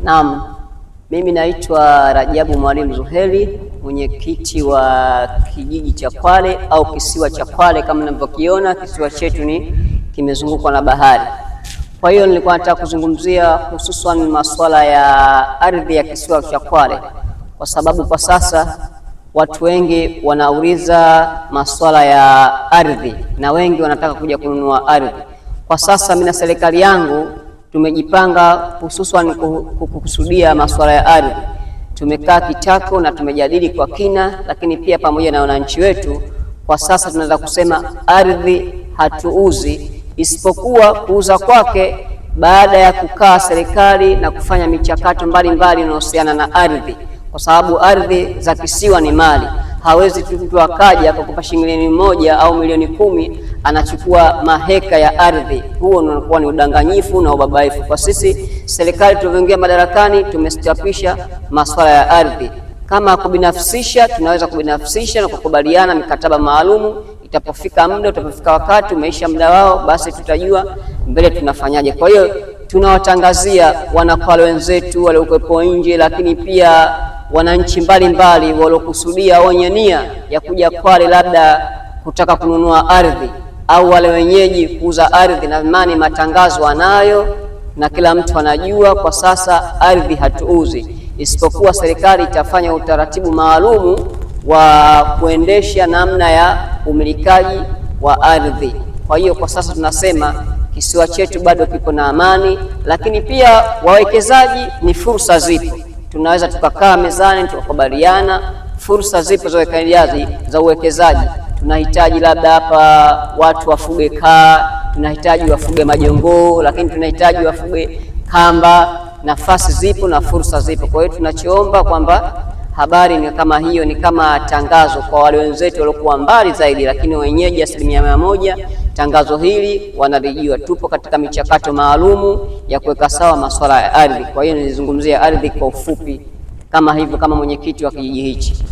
Naam, mimi naitwa Rajabu Mwalimu Ruheli, mwenyekiti wa kijiji cha Kwale au kisiwa cha Kwale. Kama mnavyokiona kisiwa chetu ni kimezungukwa na bahari. Kwa hiyo nilikuwa nataka kuzungumzia hususan masuala ya ardhi ya kisiwa cha Kwale, kwa sababu kwa sasa watu wengi wanauliza masuala ya ardhi na wengi wanataka kuja kununua ardhi. Kwa sasa mimi na serikali yangu tumejipanga hususan kukusudia masuala ya ardhi. Tumekaa kitako na tumejadili kwa kina, lakini pia pamoja na wananchi wetu. Kwa sasa tunaweza kusema ardhi hatuuzi, isipokuwa kuuza kwake baada ya kukaa serikali na kufanya michakato mbalimbali inayohusiana na ardhi, kwa sababu ardhi za kisiwa ni mali, hawezi tu mtu akaja akakupa shilingi milioni moja au milioni kumi anachukua maheka ya ardhi. Huo unakuwa ni udanganyifu na ubabaifu. Kwa sisi serikali tulivyoingia madarakani, tumestapisha masuala ya ardhi. Kama kubinafsisha, tunaweza kubinafsisha na kukubaliana mikataba maalumu. Itapofika muda, utapofika wakati umeisha muda wao, basi tutajua mbele tunafanyaje. Kwa hiyo tunawatangazia wanakwale wenzetu waliokuwepo nje, lakini pia wananchi mbalimbali waliokusudia wenye nia ya kuja Kwale labda kutaka kununua ardhi au wale wenyeji kuuza ardhi na mani, matangazo anayo na kila mtu anajua kwa sasa ardhi hatuuzi, isipokuwa serikali itafanya utaratibu maalumu wa kuendesha namna ya umilikaji wa ardhi. Kwa hiyo kwa sasa tunasema kisiwa chetu bado kipo na amani, lakini pia wawekezaji, ni fursa zipo, tunaweza tukakaa mezani tukakubaliana fursa zipo za uwekezaji tunahitaji labda hapa watu wafuge kaa, tunahitaji wafuge majongoo, lakini tunahitaji wafuge kamba. Nafasi zipo na fursa zipo. Kwa hiyo tunachoomba kwamba habari ni kama hiyo, ni kama tangazo kwa wale wenzetu waliokuwa mbali zaidi, lakini wenyeji asilimia mia moja tangazo hili wanalijua. Tupo katika michakato maalumu ya kuweka sawa masuala ya ardhi. Kwa hiyo nilizungumzia ardhi kwa ufupi kama hivyo, kama mwenyekiti wa kijiji hichi.